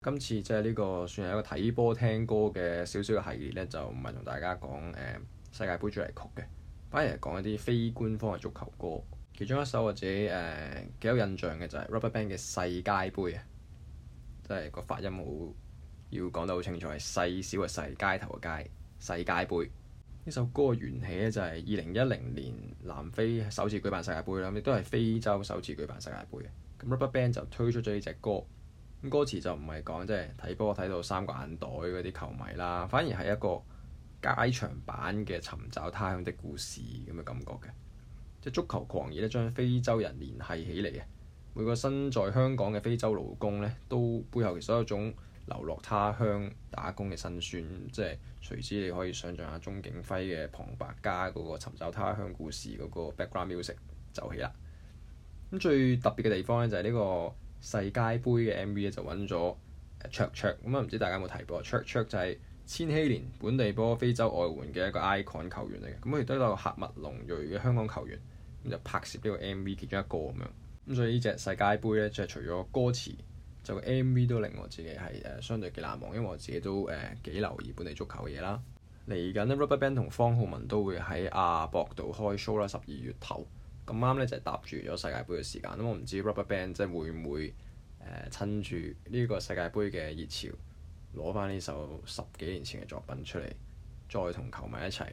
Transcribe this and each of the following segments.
今次即係呢個算係一個睇波聽歌嘅少少嘅系列呢，就唔係同大家講誒、呃、世界盃主題曲嘅，反而係講一啲非官方嘅足球歌。其中一首我自己誒幾、呃、有印象嘅就係 RubberBand 嘅《細街盃》啊，即係個發音好要講得好清楚，係細小嘅細，街頭嘅街，細街盃。呢首歌嘅緣起呢就係二零一零年南非首次舉辦世界盃啦，亦都係非洲首次舉辦世界盃。咁 RubberBand 就推出咗呢隻歌。咁歌詞就唔係講即係睇波睇到三個眼袋嗰啲球迷啦，反而係一個街場版嘅尋找他鄉的故事咁嘅感覺嘅。即係足球狂熱咧，將非洲人聯繫起嚟嘅。每個身在香港嘅非洲勞工呢，都背後其實有一種流落他鄉打工嘅辛酸。即係隨之你可以想像下鍾景輝嘅旁白加嗰個尋找他鄉故事嗰個 background music 就起啦。咁最特別嘅地方咧就係呢個。世界盃嘅 M.V. 咧就揾咗卓卓咁啊！唔知大家有冇睇過啊？卓卓就係千禧年本地波、非洲外援嘅一個 icon 球員嚟嘅，咁佢亦都有個客物龍鋒嘅香港球員，咁、嗯、就拍攝呢個 M.V. 其中一個咁樣。咁、嗯、所以呢隻世界盃呢，就係除咗歌詞，就個 M.V. 都令我自己係誒、呃、相對幾難忘，因為我自己都誒幾、呃、留意本地足球嘅嘢啦。嚟緊 RubberBand 同方浩文都會喺亞博度開 show 啦，十二月頭。咁啱咧就係搭住咗世界杯嘅時間，咁我唔知 RubberBand 即係會唔會誒、呃、趁住呢個世界盃嘅熱潮攞翻呢首十幾年前嘅作品出嚟，再同球迷一齊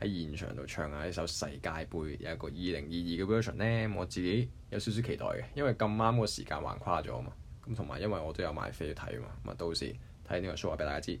喺現場度唱下呢首世界盃有一個二零二二嘅 version 咧，我自己有少少期待嘅，因為咁啱個時間橫跨咗嘛，咁同埋因為我都有買飛睇啊嘛，咁啊到時睇呢個 show 話俾大家知。